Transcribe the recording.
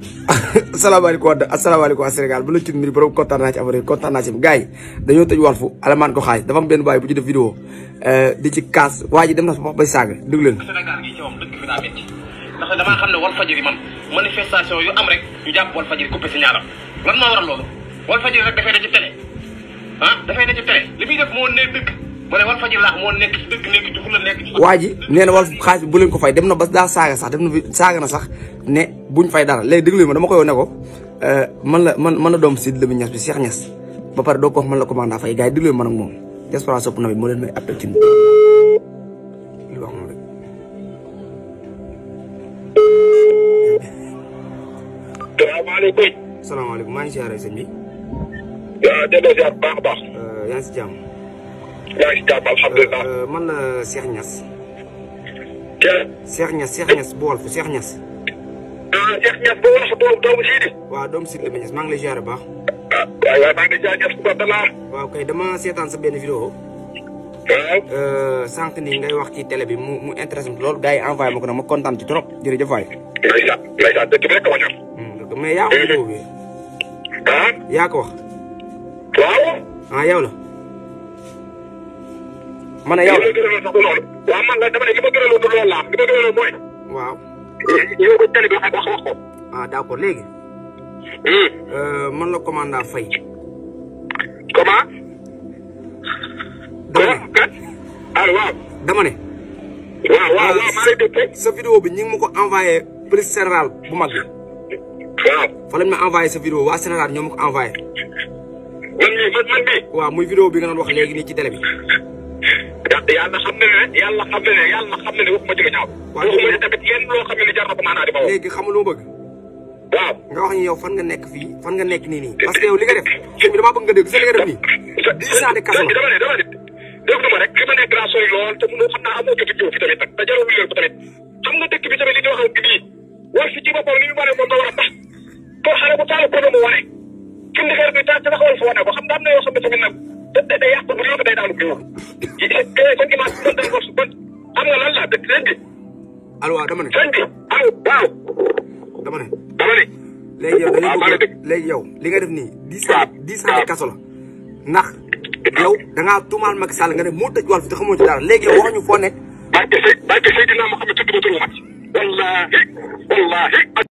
asalaamaaleykum wa asalaamaaleykum waa Sénégal bu la ci mbir borom kontaan naa ci affaire yi kontaan naa ci dañoo tëj Walf alamaan ko xaaj dafa am benn baay bu ci def euh, di ci kaas waa ji dem na wax bay saaga déglu leen. man manifestation yu am rek ñu jàpp Walfadjri coupé si ñaaram lan moo waral loolu Walfadjri rek dafay ne ci télé ah, li muy def moo ne dëkk waji neena wal xaj bu len ko fay dem na ba da saga sax dem na saaga na sax ne buñ fay dara léegi deglu ma dama koy woné ne ko euh, man la man man la dom si lebi ñass bi Cheikh ñass ba par do ko man la ko manda fay gaay deglu man ak mom moom diaspora nabi mo len may appel ci salaamaaleykum maa ngi siyaare sëñ bi. waaw delloo siyaar baax a baax. Euh, yaa ngi si Euh, man la euh, Cheikh Niass. Cheikh. Cheikh Niass Cheikh Niass bu euh, doomu Sidi. waaw doomu Sidi la Niass maa ngi lay baax. Ah, waaw maa ngi lay ziar Niass bu baax kay dama seetaan sa benn vidéo. waaw. nii ngay wax ci télé bi mu mu intéressant loolu gars yi envoyé ma na ma kontaan ci trop jërëjëf waay. Hmm, mais yaa ko eh. wax. ah. yaa ah, la. mane ne yow la waaw man la dama ne li ma loolu mooy. waaw. yow ba tali ah, d' accord léegi. Hmm. Euh, man la commandant Faye. comment. dama euh, sa vidéo bi ñu ngi ma ko envoyé police bu mag bi. waaw. fa lañ sa vidéo waa général ñoo ma ko waaw muy vidéo bi nga doon wax léegi nii ci télé bi. yàlla xam na ne yàlla xam na ne yàlla xam na ne waxuma ci lu ñaaw. waxuma ci tamit yenn xam ne jar na ko maanaa di ma wax. léegi xamul ma bëgg. waaw nga wax ñu fan nga nekk fii fan nga nekk nii nii. parce que yow li nga def sëñ bi damaa bëgg nga dégg sëñ bi nga def nii. dix ans de kaso la dama ne dama ne ma rek fi ma nekk daa lool te mënoo xam naa amoo jotu ñëw fi tamit nag te jarul wéyal tamit xam nga dëkk bi tamit li ñu wax ak bii war fi ci boppam li ñu war a moom nga war a tax koo xale taal ko mu sénti. allo dama ne. sénti allo dama ne. dama ne. léegi yow dañuy bëgg léegi yow li nga def nii. dix ans dix ans de kaso la ndax yow tuumaal Macky Sall nga ne moo tëj wàll fi te xamoo ci dara léegi yow waxuñu foo nekk. barke Seydina Mohamed tudd ba turu wàcc. wallaahi wallaahi.